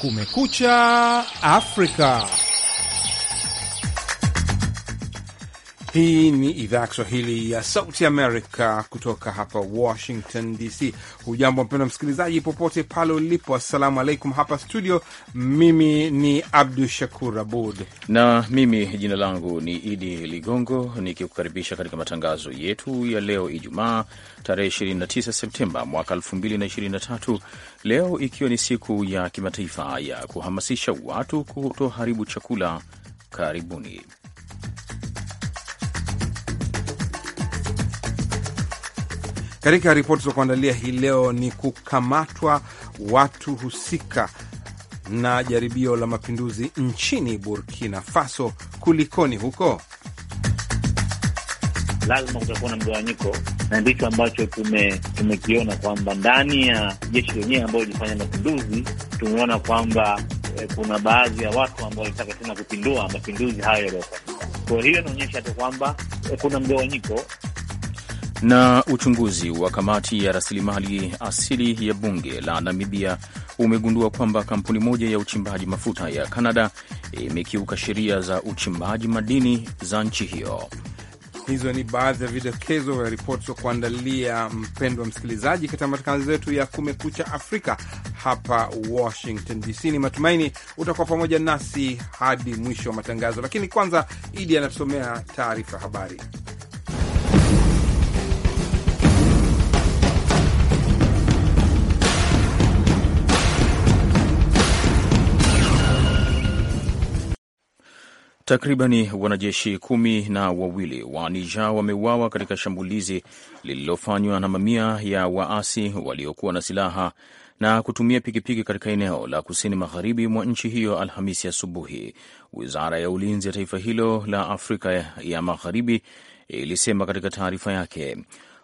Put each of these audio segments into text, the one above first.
Kumekucha Afrika. Hii ni idhaa ya Kiswahili ya Sauti Amerika kutoka hapa Washington DC. Hujambo mpendwa msikilizaji, popote pale ulipo, assalamu alaikum. Hapa studio, mimi ni Abdu Shakur Abud na mimi jina langu ni Idi Ligongo, nikikukaribisha katika matangazo yetu ya leo Ijumaa tarehe 29 Septemba mwaka 2023 leo ikiwa ni siku ya kimataifa ya kuhamasisha watu kutoharibu chakula. Karibuni. Katika ripoti za kuandalia hii leo ni kukamatwa watu husika na jaribio la mapinduzi nchini Burkina Faso. Kulikoni huko? Lazima kutakuwa na mgawanyiko na ndicho ambacho tumekiona kwamba ndani ya jeshi lenyewe ambayo ilifanya mapinduzi, tumeona kwamba eh, kuna baadhi ya watu ambao walitaka tena kupindua mapinduzi hayo yaliyofanyika. Kwa hiyo inaonyesha tu kwamba eh, kuna mgawanyiko na uchunguzi wa kamati ya rasilimali asili ya bunge la Namibia umegundua kwamba kampuni moja ya uchimbaji mafuta ya Kanada imekiuka sheria za uchimbaji madini za nchi hiyo. Hizo ni baadhi ya vidokezo vya ripoti za kuandalia mpendwa msikilizaji, katika matangazo yetu ya Kumekucha Afrika hapa Washington DC. Ni matumaini utakuwa pamoja nasi hadi mwisho wa matangazo, lakini kwanza Idi anatusomea taarifa habari. Takribani wanajeshi kumi na wawili wa nija wameuawa katika shambulizi lililofanywa na mamia ya waasi waliokuwa na silaha na kutumia pikipiki katika eneo la kusini magharibi mwa nchi hiyo Alhamisi asubuhi. Wizara ya ulinzi ya taifa hilo la Afrika ya Magharibi ilisema katika taarifa yake.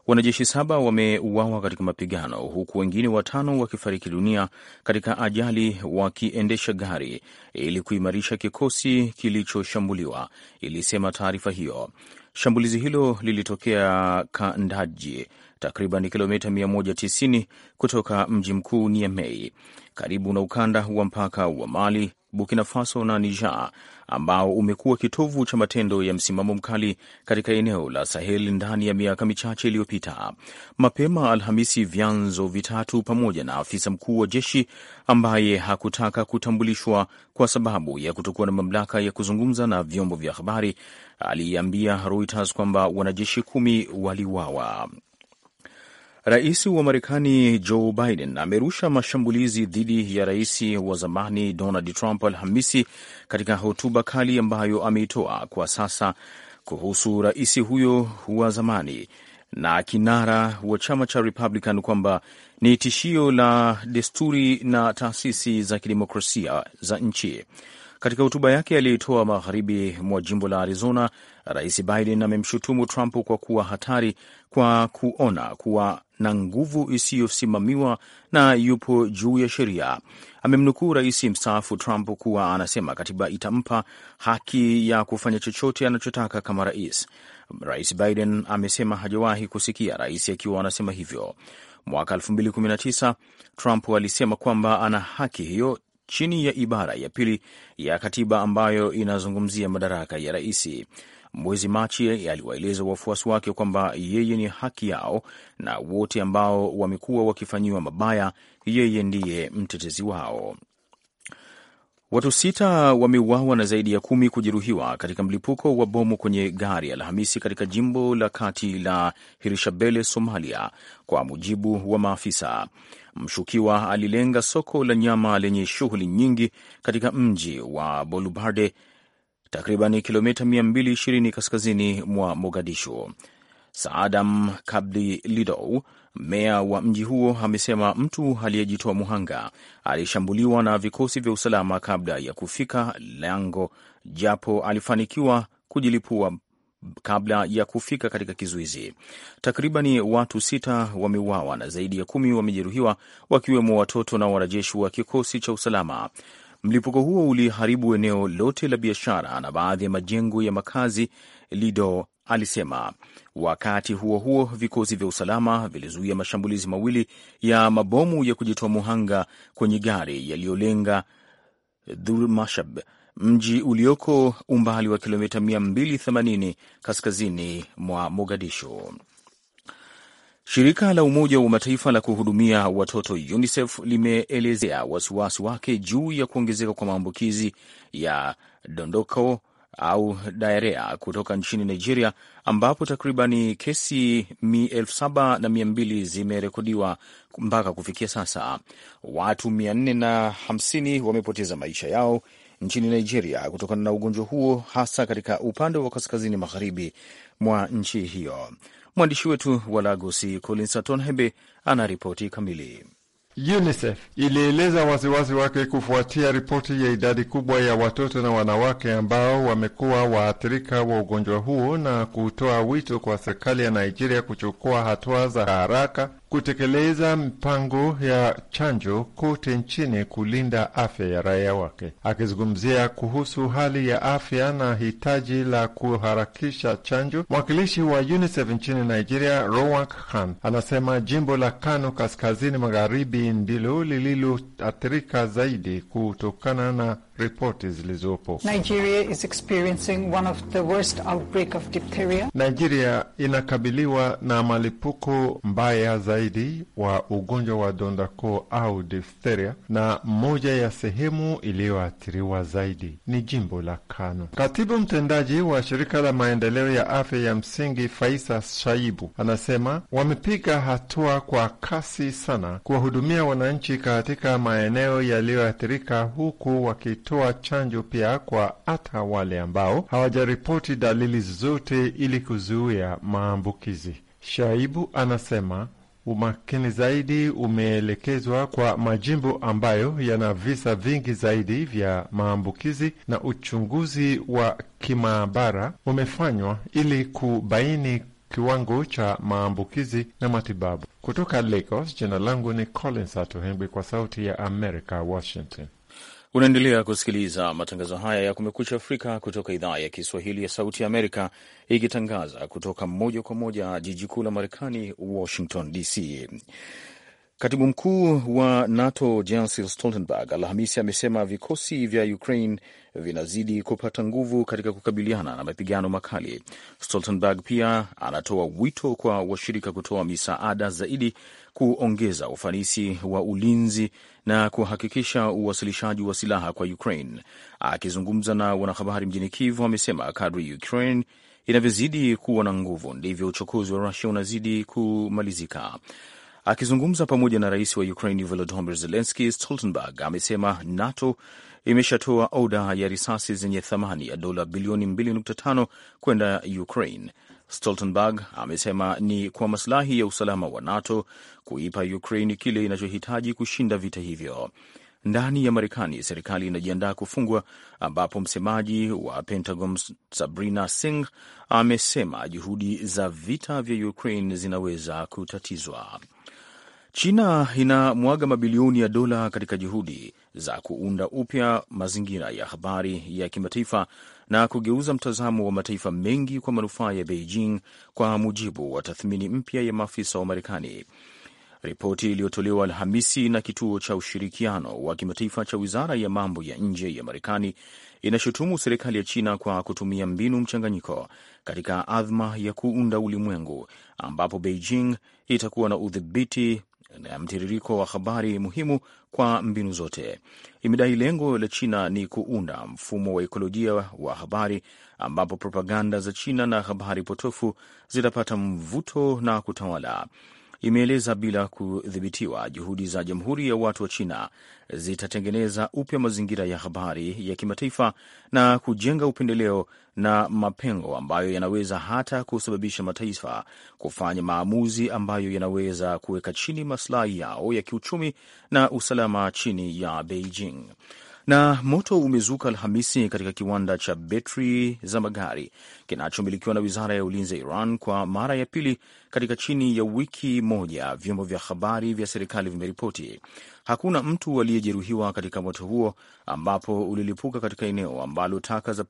Wanajeshi saba wameuawa katika mapigano huku wengine watano wakifariki dunia katika ajali wakiendesha gari ili kuimarisha kikosi kilichoshambuliwa, ilisema taarifa hiyo. Shambulizi hilo lilitokea Kandaji, takriban kilomita 190 kutoka mji mkuu Niamey, karibu na ukanda wa mpaka wa Mali Burkina Faso na Niger, ambao umekuwa kitovu cha matendo ya msimamo mkali katika eneo la Sahel ndani ya miaka michache iliyopita. Mapema Alhamisi, vyanzo vitatu pamoja na afisa mkuu wa jeshi ambaye hakutaka kutambulishwa kwa sababu ya kutokuwa na mamlaka ya kuzungumza na vyombo vya habari aliambia Reuters kwamba wanajeshi kumi waliuawa. Rais wa Marekani Joe Biden amerusha mashambulizi dhidi ya rais wa zamani Donald Trump Alhamisi katika hotuba kali ambayo ameitoa kwa sasa kuhusu rais huyo wa zamani na kinara wa chama cha Republican kwamba ni tishio la desturi na taasisi za kidemokrasia za nchi. Katika hotuba yake aliyoitoa magharibi mwa jimbo la Arizona, Rais Biden amemshutumu Trump kwa kuwa hatari kwa kuona kuwa na nguvu isiyosimamiwa na yupo juu ya sheria. Amemnukuu rais mstaafu Trump kuwa anasema katiba itampa haki ya kufanya chochote anachotaka kama rais. Rais Biden amesema hajawahi kusikia rais akiwa anasema hivyo. Mwaka 2019 Trump alisema kwamba ana haki hiyo chini ya ibara ya pili ya katiba ambayo inazungumzia madaraka ya rais. Mwezi Machi aliwaeleza wafuasi wake kwamba yeye ni haki yao na wote ambao wamekuwa wakifanyiwa mabaya, yeye ndiye mtetezi wao. Watu sita wameuawa na zaidi ya kumi kujeruhiwa katika mlipuko wa bomu kwenye gari Alhamisi katika jimbo la kati la Hirishabele, Somalia, kwa mujibu wa maafisa. Mshukiwa alilenga soko la nyama lenye shughuli nyingi katika mji wa Bolubarde, takriban kilomita 220 kaskazini mwa Mogadishu. Saadam Kabli Lidow, meya wa mji huo, amesema mtu aliyejitoa muhanga alishambuliwa na vikosi vya usalama kabla ya kufika lango, japo alifanikiwa kujilipua kabla ya kufika katika kizuizi. Takribani watu sita wameuawa na zaidi ya kumi wamejeruhiwa, wakiwemo watoto na wanajeshi wa kikosi cha usalama. Mlipuko huo uliharibu eneo lote la biashara na baadhi ya majengo ya makazi, Lido alisema. Wakati huo huo, vikosi vya usalama vilizuia mashambulizi mawili ya mabomu ya kujitoa muhanga kwenye gari yaliyolenga Dhulmashab, mji ulioko umbali wa kilomita 280 kaskazini mwa Mogadishu. Shirika la Umoja wa Mataifa la kuhudumia watoto UNICEF limeelezea wasiwasi wake juu ya kuongezeka kwa maambukizi ya dondoko au daerea kutoka nchini Nigeria, ambapo takribani kesi elfu saba na mia mbili zimerekodiwa mpaka kufikia sasa. Watu 450 wamepoteza maisha yao nchini Nigeria kutokana na ugonjwa huo, hasa katika upande wa kaskazini magharibi mwa nchi hiyo. Mwandishi wetu wa Lagosi, colins atonhebe ana ripoti kamili. UNICEF ilieleza wasiwasi wake kufuatia ripoti ya idadi kubwa ya watoto na wanawake ambao wamekuwa waathirika wa ugonjwa huo na kutoa wito kwa serikali ya Nigeria kuchukua hatua za haraka kutekeleza mipango ya chanjo kote nchini kulinda afya ya raia wake. Akizungumzia kuhusu hali ya afya na hitaji la kuharakisha chanjo, mwakilishi wa UNICEF nchini Nigeria, Rowak Khan, anasema jimbo la Kano kaskazini magharibi ndilo lililoathirika zaidi kutokana na ripoti zilizopo. Nigeria inakabiliwa na malipuko mbaya zaidi wa ugonjwa wa donda au diphtheria, na moja ya sehemu iliyoathiriwa zaidi ni jimbo la Kano. Katibu mtendaji wa shirika la maendeleo ya afya ya msingi Faisa Shaibu anasema wamepiga hatua kwa kasi sana kuwahudumia wananchi katika maeneo yaliyoathirika huku waki kutoa chanjo pia kwa hata wale ambao hawajaripoti dalili zote ili kuzuia maambukizi. Shaibu anasema umakini zaidi umeelekezwa kwa majimbo ambayo yana visa vingi zaidi vya maambukizi na uchunguzi wa kimaabara umefanywa ili kubaini kiwango cha maambukizi na matibabu. Kutoka Lagos, jina langu ni Collins Atohengwi, kwa Sauti ya America, Washington. Unaendelea kusikiliza matangazo haya ya Kumekucha Afrika kutoka idhaa ya Kiswahili ya Sauti ya Amerika, ikitangaza kutoka moja kwa moja jiji kuu la Marekani, Washington DC. Katibu mkuu wa NATO Jens Stoltenberg Alhamisi amesema vikosi vya Ukraine vinazidi kupata nguvu katika kukabiliana na mapigano makali. Stoltenberg pia anatoa wito kwa washirika kutoa misaada zaidi kuongeza ufanisi wa ulinzi na kuhakikisha uwasilishaji wa silaha kwa Ukraine. Akizungumza na wanahabari mjini Kiev, amesema kadri Ukraine inavyozidi kuwa na nguvu ndivyo uchokozi wa Rusia unazidi kumalizika. Akizungumza pamoja na rais wa Ukraine Volodymyr Zelenski, Stoltenberg amesema NATO imeshatoa oda ya risasi zenye thamani ya dola bilioni 2.5 kwenda Ukraine. Stoltenberg amesema ni kwa masilahi ya usalama wa NATO kuipa Ukraine kile inachohitaji kushinda vita hivyo. Ndani ya Marekani, serikali inajiandaa kufungwa, ambapo msemaji wa Pentagon Sabrina Singh amesema juhudi za vita vya Ukraine zinaweza kutatizwa. China inamwaga mabilioni ya dola katika juhudi za kuunda upya mazingira ya habari ya kimataifa na kugeuza mtazamo wa mataifa mengi kwa manufaa ya Beijing, kwa mujibu wa tathmini mpya ya maafisa wa Marekani. Ripoti iliyotolewa Alhamisi na kituo cha ushirikiano wa kimataifa cha wizara ya mambo ya nje ya Marekani inashutumu serikali ya China kwa kutumia mbinu mchanganyiko katika adhma ya kuunda ulimwengu ambapo Beijing itakuwa na udhibiti na mtiririko wa habari muhimu kwa mbinu zote. Imedai lengo la China ni kuunda mfumo wa ekolojia wa habari ambapo propaganda za China na habari potofu zitapata mvuto na kutawala imeeleza bila kudhibitiwa, juhudi za Jamhuri ya Watu wa China zitatengeneza upya mazingira ya habari ya kimataifa na kujenga upendeleo na mapengo ambayo yanaweza hata kusababisha mataifa kufanya maamuzi ambayo yanaweza kuweka chini maslahi yao ya kiuchumi na usalama chini ya Beijing. Na moto umezuka Alhamisi katika kiwanda cha betri za magari kinachomilikiwa na wizara ya ulinzi ya Iran kwa mara ya pili katika chini ya wiki moja, vyombo vya habari vya serikali vimeripoti. Hakuna mtu aliyejeruhiwa katika moto huo, ambapo ulilipuka katika eneo ambalo taka za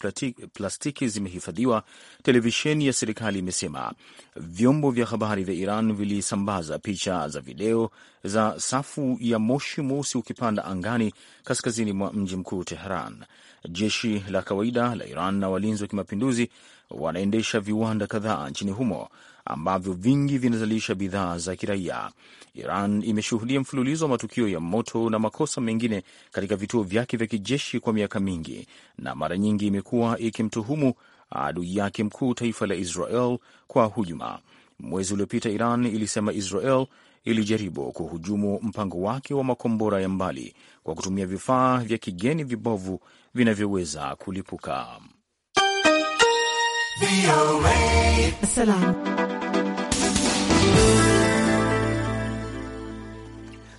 plastiki zimehifadhiwa, televisheni ya serikali imesema. Vyombo vya habari vya Iran vilisambaza picha za video za safu ya moshi mweusi ukipanda angani kaskazini mwa mji mkuu Teheran. Jeshi la kawaida la Iran na walinzi wa kimapinduzi wanaendesha viwanda kadhaa nchini humo ambavyo vingi vinazalisha bidhaa za kiraia. Iran imeshuhudia mfululizo wa matukio ya moto na makosa mengine katika vituo vyake vya kijeshi kwa miaka mingi, na mara nyingi imekuwa ikimtuhumu adui yake mkuu, taifa la Israel, kwa hujuma. Mwezi uliopita Iran ilisema Israel ilijaribu kuhujumu mpango wake wa makombora ya mbali kwa kutumia vifaa vya kigeni vibovu vinavyoweza kulipuka.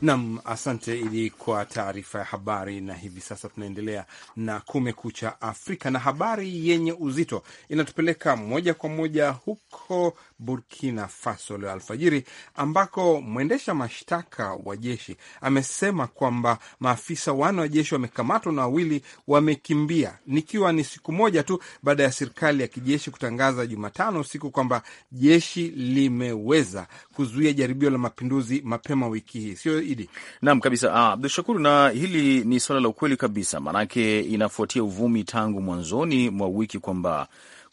Nam, asante ili kwa taarifa ya habari. Na hivi sasa tunaendelea na Kumekucha Afrika, na habari yenye uzito inatupeleka moja kwa moja huko Burkina Faso leo alfajiri, ambako mwendesha mashtaka wa jeshi amesema kwamba maafisa wanne wa jeshi wamekamatwa na wawili wamekimbia, nikiwa ni siku moja tu baada ya serikali ya kijeshi kutangaza Jumatano usiku kwamba jeshi limeweza kuzuia jaribio la mapinduzi mapema wiki hii. Sio Idi? Naam kabisa, ah, Abdu Shakuru, na hili ni swala la ukweli kabisa, maanake inafuatia uvumi tangu mwanzoni mwa wiki kwamba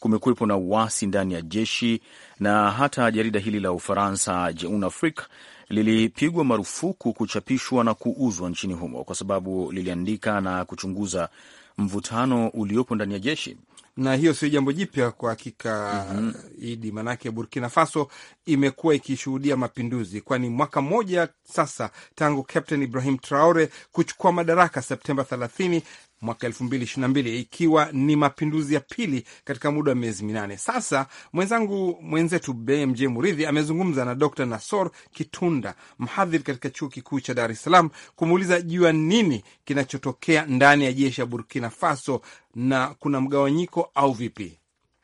kumekuwepo na uasi ndani ya jeshi, na hata jarida hili la Ufaransa Jeune Afrique lilipigwa marufuku kuchapishwa na kuuzwa nchini humo kwa sababu liliandika na kuchunguza mvutano uliopo ndani ya jeshi na hiyo sio jambo jipya kwa hakika, mm -hmm. Idi, manake Burkina Faso imekuwa ikishuhudia mapinduzi, kwani mwaka mmoja sasa tangu Captain Ibrahim Traore kuchukua madaraka Septemba 30 mwaka elfu mbili ishirini na mbili ikiwa ni mapinduzi ya pili katika muda wa miezi minane. Sasa mwenzangu mwenzetu BMJ Muridhi amezungumza na Dr Nasor Kitunda, mhadhiri katika chuo kikuu cha Dar es Salaam, kumuuliza juu ya nini kinachotokea ndani ya jeshi ya Burkina Faso na kuna mgawanyiko au vipi?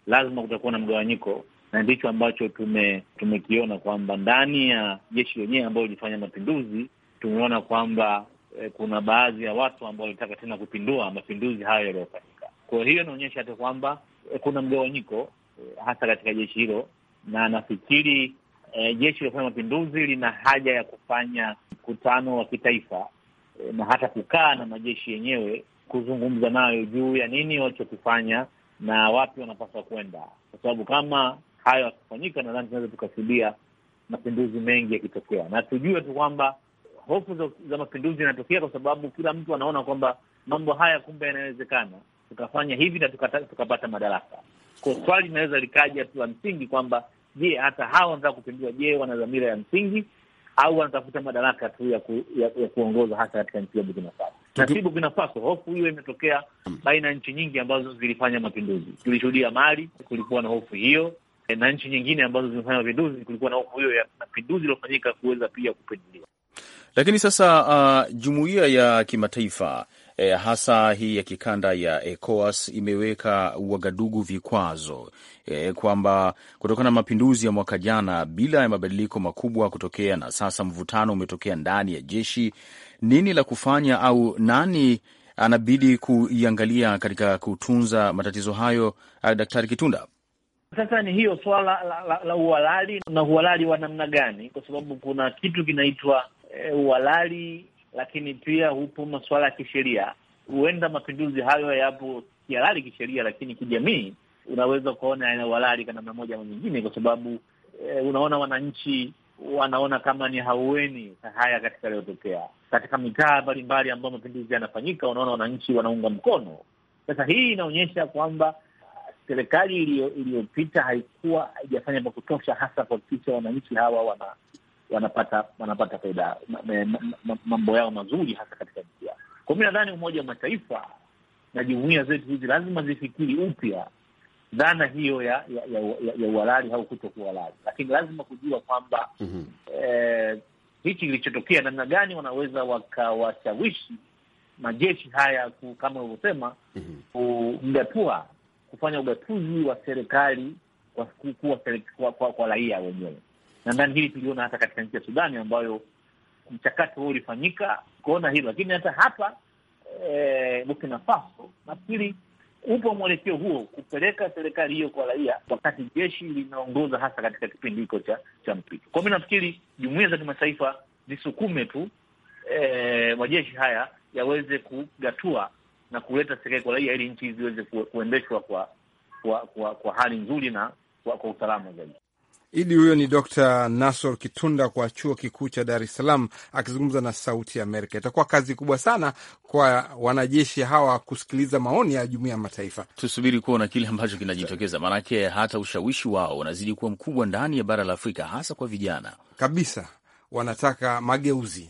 Lazima kutakuwa na mgawanyiko na ndicho ambacho tume tumekiona kwamba ndani ya jeshi lenyewe ambayo ilifanya mapinduzi tumeona kwamba eh, kuna baadhi ya watu ambao walitaka tena kupindua mapinduzi hayo yaliyofanyika. Kwa hiyo inaonyesha hata kwamba eh, kuna mgawanyiko eh, hasa katika jeshi hilo, na nafikiri eh, jeshi lilofanya mapinduzi lina haja ya kufanya mkutano wa kitaifa eh, na hata kukaa na majeshi yenyewe kuzungumza nayo juu ya nini walichokifanya na wapi wanapaswa kwenda, kwa sababu kama hayo yakifanyika, nadhani tunaweza tukasudia mapinduzi mengi yakitokea, na tujue tu kwamba hofu za, mapinduzi inatokea kwa sababu kila mtu anaona kwamba mambo haya kumbe yanawezekana, tukafanya hivi na tukapata madaraka. Kwa swali linaweza likaja tu la msingi kwamba je, hata hawa wanataka kupindua, je, wana dhamira ya msingi au wanatafuta madaraka tu ya, ku, ya, ya kuongoza hasa katika nchi ya Burkina Faso na si Burkina Faso. Hofu hiyo imetokea baina ya nchi nyingi ambazo zilifanya mapinduzi. Tulishuhudia Mali, kulikuwa na hofu hiyo, na nchi nyingine ambazo zimefanya mapinduzi, kulikuwa na hofu hiyo ya mapinduzi iliyofanyika kuweza pia kupinduliwa. Lakini sasa uh, jumuiya ya kimataifa eh, hasa hii ya kikanda ya ECOWAS imeweka Wagadugu vikwazo eh, kwamba kutokana na mapinduzi ya mwaka jana bila ya mabadiliko makubwa kutokea, na sasa mvutano umetokea ndani ya jeshi, nini la kufanya au nani anabidi kuiangalia katika kutunza matatizo hayo, eh, Daktari Kitunda? Sasa ni hiyo swala la, la, la uhalali na uhalali wa namna gani, kwa sababu kuna kitu kinaitwa e, uhalali, lakini pia hupo masuala ya kisheria. Huenda mapinduzi hayo yapo kihalali kisheria, lakini kijamii unaweza ukaona yana uhalali kwa namna moja au nyingine, kwa sababu e, unaona wananchi wanaona kama ni haueni haya katika yaliyotokea katika mitaa mbalimbali ambayo mapinduzi yanafanyika, unaona wananchi wanaunga mkono. Sasa hii inaonyesha kwamba serikali iliyopita haikuwa haijafanya vya kutosha, hasa kuhakikisha wananchi hawa wana wanapata wanapata faida mambo yao mazuri, hasa katika jisiasa. Kwa mi nadhani Umoja wa Mataifa na jumuia zetu hizi lazima zifikiri upya dhana hiyo ya ya, ya, ya, ya uhalali au kuto kuhalali, lakini lazima kujua kwamba mm -hmm. eh, hichi kilichotokea, namna gani wanaweza wakawashawishi majeshi haya ku, kama ulivyosema mm -hmm. kumgatua, kufanya ugatuzi wa serikali kwa, kwa, kwa, kwa raia wenyewe. Nadhani hili tuliona hata katika nchi ya Sudani ambayo mchakato huo ulifanyika kuona hilo, lakini hata hapa e, Burkina Faso nafikiri upo mwelekeo huo kupeleka serikali hiyo kwa raia, wakati jeshi linaongoza hasa katika kipindi hiko cha cha mpito. Kwa mi nafikiri jumuia za kimataifa zisukume tu e, majeshi haya yaweze kugatua na kuleta serikali kwa raia ili nchi ziweze kuendeshwa kwa kwa, kwa kwa hali nzuri na kwa, kwa usalama zaidi. Idi huyo ni Dr Nasor Kitunda kwa chuo kikuu cha Dar es Salaam akizungumza na Sauti ya Amerika. Itakuwa kazi kubwa sana kwa wanajeshi hawa kusikiliza maoni ya jumuia ya Mataifa. Tusubiri kuona kile ambacho kinajitokeza, maanake hata ushawishi wao unazidi kuwa mkubwa ndani ya bara la Afrika, hasa kwa vijana kabisa, wanataka mageuzi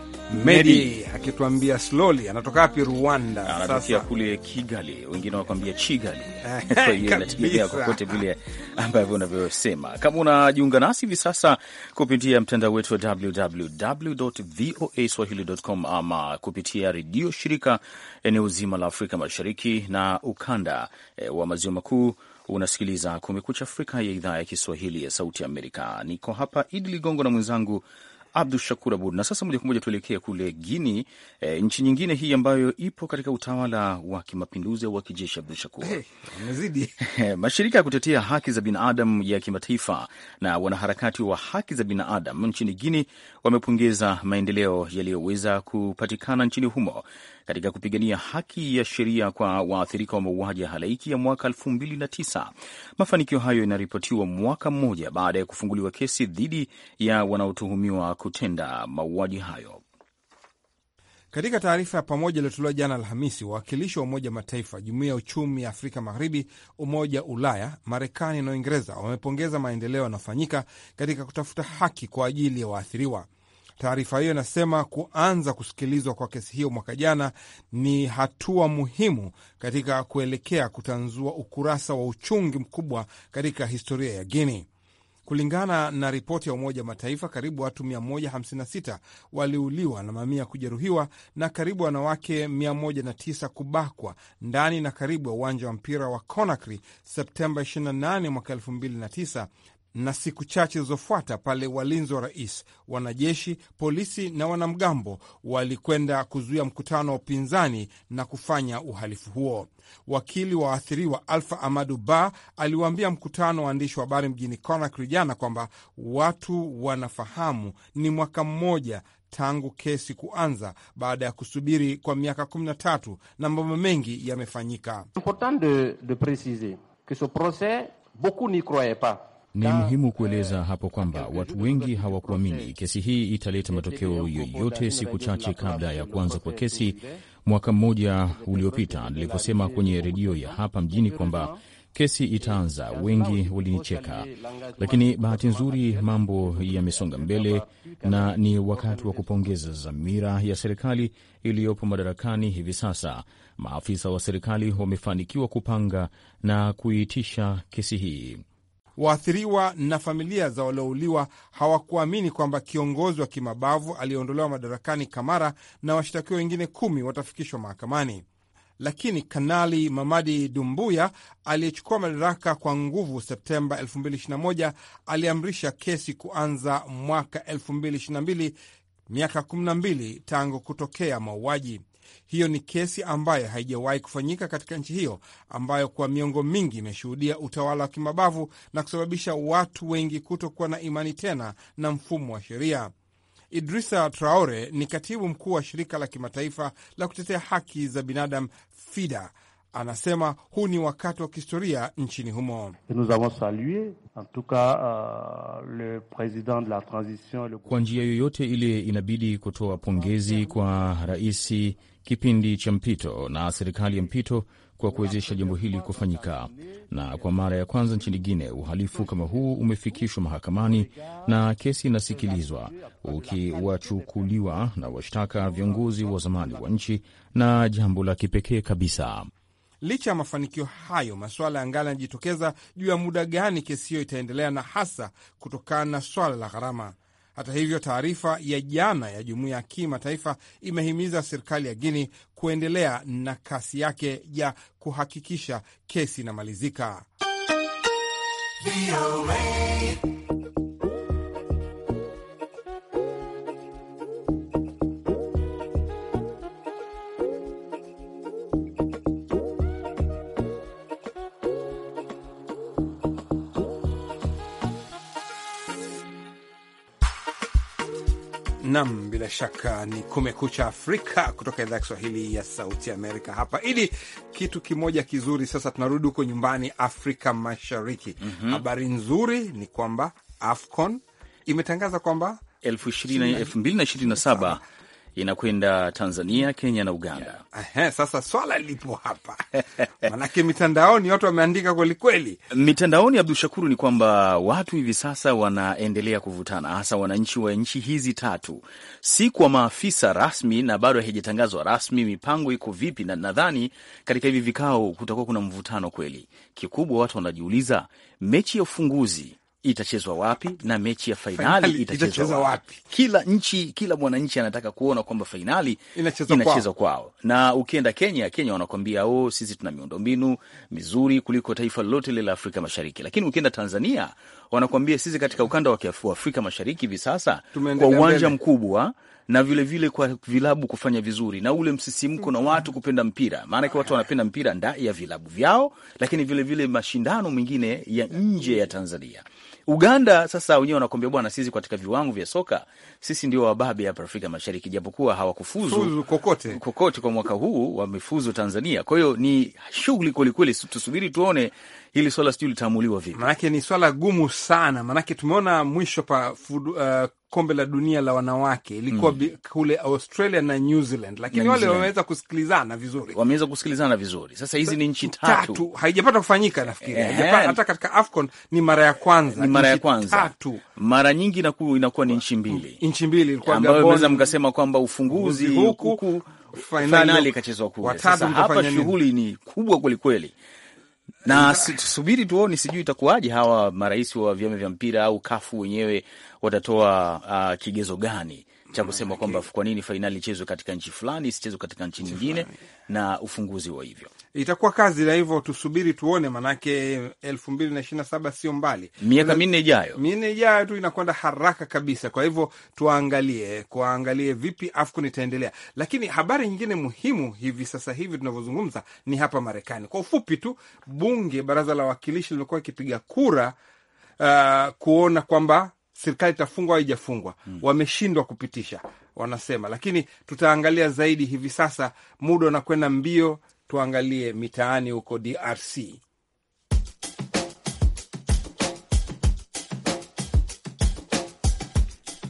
Medi akituambia slowly, anatoka wapi? Rwanda, anatokea kule Kigali, wengine wanakwambia Chigali. Eh, kwa hiyo inategemea kokote vile ambavyo unavyosema. Kama unajiunga nasi hivi sasa kupitia mtandao wetu wa www.voaswahili.com ama kupitia redio shirika eneo zima la Afrika Mashariki na ukanda e, wa maziwa makuu unasikiliza Kumekucha Afrika ya idhaa ya Kiswahili ya Sauti Amerika. Niko hapa Idi Ligongo na mwenzangu Abdu Shakur Abud. Na sasa moja kwa moja tuelekee kule Guini, e, eh, nchi nyingine hii ambayo ipo katika utawala wa kimapinduzi au wa kijeshi. Abdu Shakur, hey, mashirika ya kutetea haki za binadamu ya kimataifa na wanaharakati wa haki za binadamu nchini Guini wamepongeza maendeleo yaliyoweza kupatikana nchini humo katika kupigania haki ya sheria kwa waathirika wa mauaji ya halaiki ya mwaka 2009. Mafanikio hayo yanaripotiwa mwaka mmoja baada ya kufunguliwa kesi dhidi ya wanaotuhumiwa kutenda mauaji hayo. Katika taarifa ya pamoja iliyotolewa jana Alhamisi, wawakilishi wa Umoja Mataifa, jumuia ya Uchumi ya Afrika Magharibi, Umoja Ulaya, Marekani na Uingereza wamepongeza maendeleo yanayofanyika katika kutafuta haki kwa ajili ya waathiriwa. Taarifa hiyo inasema kuanza kusikilizwa kwa kesi hiyo mwaka jana ni hatua muhimu katika kuelekea kutanzua ukurasa wa uchungi mkubwa katika historia ya Guini. Kulingana na ripoti ya Umoja Mataifa, karibu watu 156 waliuliwa na mamia kujeruhiwa na karibu wanawake 109 kubakwa ndani na karibu ya uwanja wa mpira wa Conakry Septemba 28 mwaka na siku chache zilizofuata pale walinzi wa rais, wanajeshi, polisi na wanamgambo walikwenda kuzuia mkutano wa upinzani na kufanya uhalifu huo. Wakili wa waathiriwa Alfa Amadu Ba aliwaambia mkutano wa waandishi wa habari mjini Conakry jana kwamba watu wanafahamu ni mwaka mmoja tangu kesi kuanza baada ya kusubiri kwa miaka 13 na mambo mengi yamefanyika. Ni muhimu eh, kueleza hapo kwamba watu wengi hawakuamini kesi hii italeta matokeo yoyote. Siku chache kabla ya kuanza kwa kesi mwaka mmoja uliopita, niliposema kwenye redio ya hapa mjini kwamba kesi itaanza, wengi walinicheka, lakini bahati nzuri mambo eh, yamesonga eh, mbele na ni wakati wa kupongeza dhamira ya serikali iliyopo madarakani hivi sasa. Maafisa wa serikali wamefanikiwa kupanga na kuitisha kesi hii. Waathiriwa na familia za waliouliwa hawakuamini kwamba kiongozi wa kimabavu aliyeondolewa madarakani Kamara na washtakiwa wengine kumi watafikishwa mahakamani, lakini Kanali Mamadi Dumbuya aliyechukua madaraka kwa nguvu Septemba 2021 aliamrisha kesi kuanza mwaka 2022, miaka 12 tangu kutokea mauaji. Hiyo ni kesi ambayo haijawahi kufanyika katika nchi hiyo ambayo kwa miongo mingi imeshuhudia utawala wa kimabavu na kusababisha watu wengi kutokuwa na imani tena na mfumo wa sheria. Idrisa Traore ni katibu mkuu wa shirika la kimataifa la kutetea haki za binadamu FIDA Anasema huu ni wakati wa kihistoria nchini humo. Kwa njia yoyote ile, inabidi kutoa pongezi kwa rais kipindi cha mpito na serikali ya mpito kwa kuwezesha jambo hili kufanyika. Na kwa mara ya kwanza nchini Guinea, uhalifu kama huu umefikishwa mahakamani na kesi inasikilizwa, ukiwachukuliwa na washtaka viongozi wa zamani wa nchi, na jambo la kipekee kabisa. Licha ya mafanikio hayo, masuala ya ngala yanajitokeza juu ya muda gani kesi hiyo itaendelea na hasa kutokana na swala la gharama. Hata hivyo, taarifa ya jana ya jumuiya ya kimataifa imehimiza serikali ya Guini kuendelea na kasi yake ya kuhakikisha kesi inamalizika. Nam, bila shaka ni Kumekucha Afrika kutoka idhaa ya Kiswahili ya Sauti Amerika hapa ili kitu kimoja kizuri. Sasa tunarudi huko nyumbani Afrika Mashariki. mm -hmm. Habari nzuri ni kwamba AFCON imetangaza kwamba 2027 inakwenda Tanzania, Kenya na Uganda. Ahe, sasa swala lipo hapa manake mitandaoni watu wameandika kwelikweli. Mitandaoni Abdu Shakuru, ni kwamba watu hivi sasa wanaendelea kuvutana, hasa wananchi wa nchi hizi tatu, si kwa maafisa rasmi, na bado haijatangazwa rasmi mipango iko vipi, na nadhani katika hivi vikao kutakuwa kuna mvutano kweli. Kikubwa watu wanajiuliza mechi ya ufunguzi itachezwa wapi na mechi ya fainali, itachezwa wapi? Kila nchi, kila mwananchi anataka kuona kwamba fainali inachezwa kwao kwao. Na ukienda Kenya, Kenya wanakwambia oh, sisi tuna miundombinu mizuri kuliko taifa lolote lile la Afrika Mashariki, lakini ukienda Tanzania wanakwambia sisi katika ukanda wa Afrika Mashariki hivi sasa kwa uwanja mkubwa na vilevile vile kwa vilabu kufanya vizuri na ule msisimko na watu mm-hmm. kupenda mpira, maanake watu wanapenda mpira ndani ya vilabu vyao, lakini vilevile vile mashindano mengine ya nje ya Tanzania. Uganda sasa wenyewe wanakuambia bwana, sisi katika viwango vya soka sisi ndio wababe hapa Afrika Mashariki, japokuwa hawakufuzu kokote kokote kwa mwaka huu, wamefuzu Tanzania. Kwa hiyo ni shughuli kwelikweli, tusubiri tuone hili swala sijui litaamuliwa vipi, maanake ni swala gumu sana, maanake tumeona mwisho pa fudu, uh, kombe la dunia la wanawake ilikuwa mm, kule Australia na New Zealand, lakini wale wameweza kusikilizana vizuri, wameweza kusikilizana vizuri. Sasa hizi ni nchi tatu, tatu haijapata kufanyika nafikiri, eh. haijapata hata katika AFCON ni mara ya kwanza, ni mara ya kwanza tatu. Mara nyingi inakuwa inakuwa ni nchi mbili, nchi mbili ilikuwa ambayo mnaweza mkasema kwamba ufunguzi huku, huku fainali ikachezwa kule. Sasa hapa shughuli ni kubwa kwelikweli na tusubiri tuone, sijui itakuwaje hawa marais wa vyama vya mpira au kafu wenyewe watatoa uh, kigezo gani cha kusema kwamba kwa nini fainali ichezwe katika nchi fulani isichezwe katika nchi nyingine, na ufunguzi wa hivyo itakuwa kazi la hivyo. Tusubiri tuone, maanake elfu mbili na ishirini na saba sio mbali, miaka minne ijayo, minne ijayo tu inakwenda haraka kabisa. Kwa hivyo tuangalie, kuangalie vipi AFCON itaendelea. Lakini habari nyingine muhimu hivi sasa hivi tunavyozungumza ni hapa Marekani. Kwa ufupi tu, bunge, baraza la wawakilishi limekuwa ikipiga kura uh, kuona kwamba serikali itafungwa au haijafungwa mm. Wameshindwa kupitisha wanasema, lakini tutaangalia zaidi hivi sasa, muda unakwenda mbio, tuangalie mitaani huko DRC.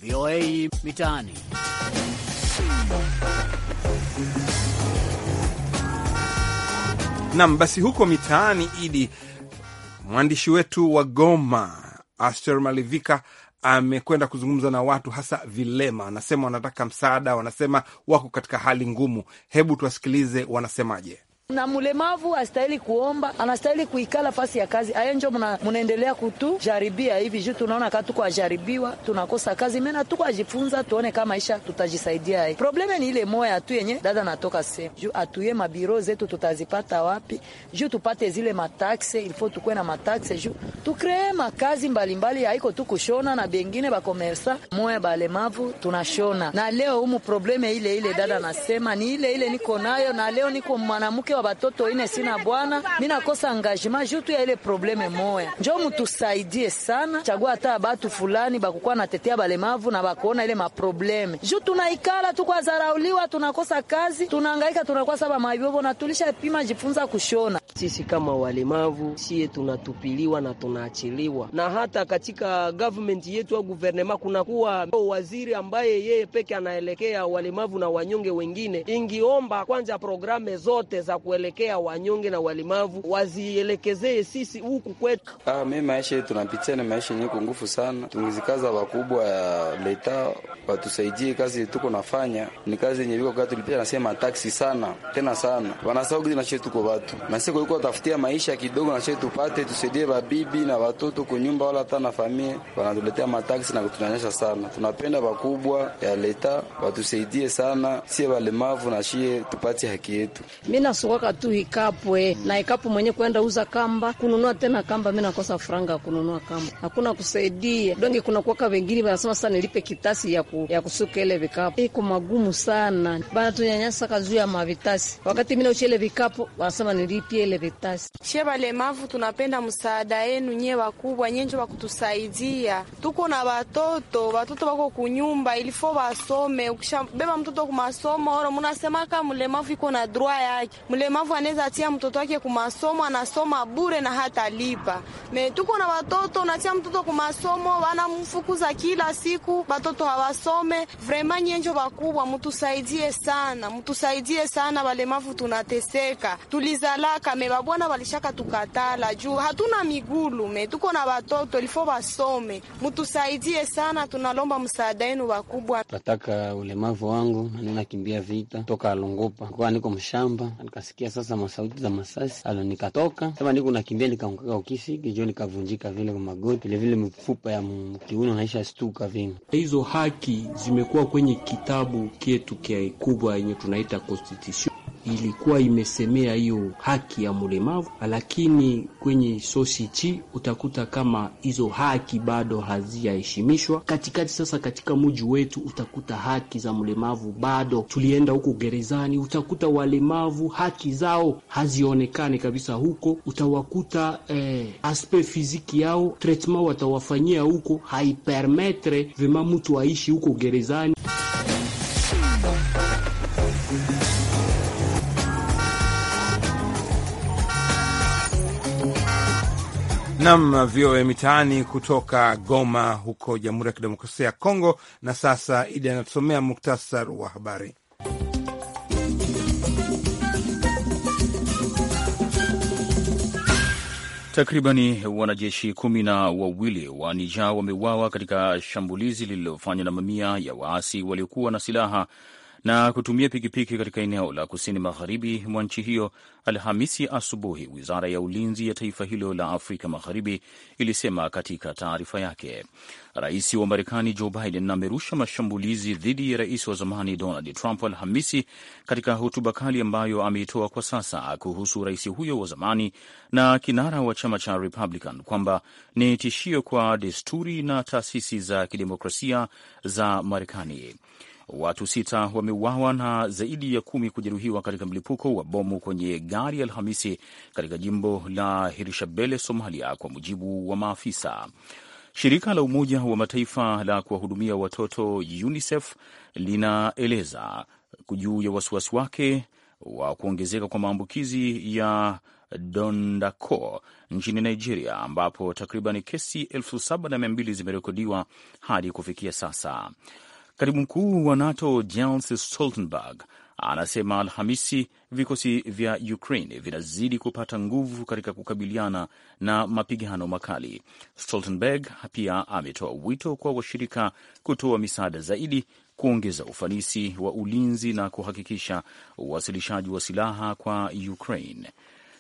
VOA Mitaani. Nam, basi huko mitaani, Idi, mwandishi wetu wa Goma Aster Malivika amekwenda kuzungumza na watu hasa vilema, anasema wanataka msaada, wanasema wako katika hali ngumu. Hebu tuwasikilize wanasemaje na mlemavu astahili kuomba, anastahili kuikala fasi ya kazi. Aya njo munaendelea kutujaribia hivi juu tunaona ka tuko ajaribiwa, tunakosa kazi mena, tuko ajifunza, tuone kama maisha tutajisaidia. Hai probleme ni ile moya tu yenye dada natoka sehemu juu atuye mabiro zetu tutazipata wapi? Juu tupate zile matakse, ilifo tukuwe na matakse juu tukree makazi mbalimbali, haiko tu kushona na bengine bakomersa moya balemavu tunashona. Na leo umu probleme ile ile dada nasema ni ile ile niko nayo, na leo niko mwanamke batoto ine sina bwana, minakosa engagement juu tu ya ile probleme moya. Njo mutusaidie sana, chagua hata batu fulani bakukuwa natetea balemavu na bakuona ile maprobleme juu tunaikala zarauliwa, tunakosa kazi, tunaangaika, tunakuwa saba maibobo na tulisha pima jifunza kushona. Sisi kama walemavu siye tunatupiliwa na tunaachiliwa, na hata katika government yetu au guvernema kunakuwa waziri ambaye yeye peke anaelekea walemavu na wanyonge wengine. Ingiomba kwanza programe zote za ku kuelekea wanyonge na walimavu wazielekezee sisi huku kwetu. Ah, mi maisha hii tunapitia ni maisha nyiko nguvu sana, tungizikaza wakubwa ya leta watusaidie kazi tuko nafanya ni kazi yenye viko kati tulipia nasema taksi sana tena sana wanasahau kizi nashe tuko watu nasiko iko watafutia maisha kidogo nashe tupate tusaidie babibi na watoto kunyumba wala hata na famie, wanatuletea mataksi na kutunyanyasha sana. Tunapenda wakubwa ya leta watusaidie sana sie walemavu na shie tupate haki yetu. Mimi nakuwaka tu ikapwe na ikapu mwenye kuenda uza kamba kununua tena kamba, mi nakosa franga kununua kamba, hakuna kusaidia donge. Kuna kuwaka wengine wanasema sasa nilipe kitasi ya, ku, ya kusuka ile vikapu, iko magumu sana bana, tunyanyasa kazu ya mavitasi. Wakati mi naucha ile vikapu wanasema nilipie ile vitasi. She balemavu tunapenda msaada yenu nyewe, wakubwa nyenjo wakutusaidia. Tuko na watoto, watoto wako kunyumba ilifo wasome. Ukishabeba mtoto kumasomo oro munasema kama mlemavu iko na droit yake mlemavu anaweza atia mtoto wake kumasomo, anasoma bure na hata lipa. Me tuko na watoto, natia mtoto kumasomo, wanamfukuza kila siku, watoto hawasome. Vrema nyenjo wakubwa, mtusaidie sana, mtusaidie sana, walemavu tunateseka, tulizalaka me wabwana walishaka tukatala juu hatuna migulu. Me tuko na watoto ilifo wasome, mtusaidie sana, tunalomba msaada yenu wakubwa. Nataka ulemavu wangu ninakimbia vita toka Alungupa, niko mshamba nikasi nikasikia sasa masauti za masasi, alo nikatoka sema niko nakimbia, nikaanguka ukisi, kijo nikavunjika vile kwa magoti, vile vile mfupa ya kiuno naisha stuka vile. Hizo haki zimekuwa kwenye kitabu kietu kubwa yenye tunaita constitution ilikuwa imesemea hiyo haki ya mlemavu, lakini kwenye society utakuta kama hizo haki bado hazijaheshimishwa katikati. Sasa katika muji wetu utakuta haki za mlemavu bado, tulienda huko gerezani, utakuta walemavu haki zao hazionekane kabisa huko, utawakuta eh, aspe fiziki yao treatment watawafanyia huko haipermetre vema mtu aishi huko gerezani. Nam VOA Mitaani kutoka Goma huko Jamhuri ya Kidemokrasia ya Kongo. Na sasa Idi anatusomea muktasar wa habari. Takribani wanajeshi kumi na wawili wa Nija wameuawa katika shambulizi lililofanywa na mamia ya waasi waliokuwa na silaha na kutumia pikipiki katika eneo la kusini magharibi mwa nchi hiyo. Alhamisi asubuhi, wizara ya ulinzi ya taifa hilo la Afrika Magharibi ilisema katika taarifa yake. Rais wa Marekani Joe Biden amerusha mashambulizi dhidi ya rais wa zamani Donald Trump Alhamisi katika hotuba kali ambayo ameitoa kwa sasa kuhusu rais huyo wa zamani na kinara wa chama cha Republican kwamba ni tishio kwa desturi na taasisi za kidemokrasia za Marekani. Watu sita wameuawa na zaidi ya kumi kujeruhiwa katika mlipuko wa bomu kwenye gari Alhamisi katika jimbo la Hirshabelle, Somalia, kwa mujibu wa maafisa. Shirika la Umoja wa Mataifa la kuwahudumia watoto UNICEF linaeleza juu ya wasiwasi wake wa kuongezeka kwa maambukizi ya dondako nchini Nigeria, ambapo takriban kesi elfu saba na mia mbili zimerekodiwa hadi kufikia sasa. Katibu mkuu wa NATO Jens Stoltenberg anasema Alhamisi vikosi vya Ukraine vinazidi kupata nguvu katika kukabiliana na mapigano makali. Stoltenberg pia ametoa wito kwa washirika kutoa misaada zaidi, kuongeza ufanisi wa ulinzi na kuhakikisha uwasilishaji wa silaha kwa Ukraine.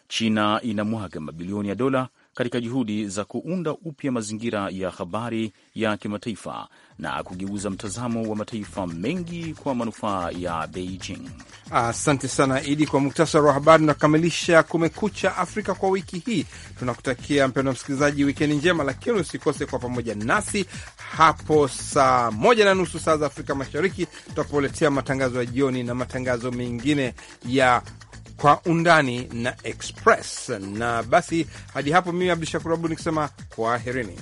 China inamwaga mabilioni ya dola katika juhudi za kuunda upya mazingira ya habari ya kimataifa na kugeuza mtazamo wa mataifa mengi kwa manufaa ya Beijing. Asante ah, sana Idi, kwa muktasari wa habari. Tunakamilisha Kumekucha Afrika kwa wiki hii. Tunakutakia mpendwa msikilizaji, wikendi njema, lakini usikose kwa pamoja nasi hapo saa moja na nusu saa za Afrika Mashariki, tutakuletea matangazo ya jioni na matangazo mengine ya kwa undani na Express. Na basi hadi hapo, mimi Abdu Shakur Abu nikisema kwaherini.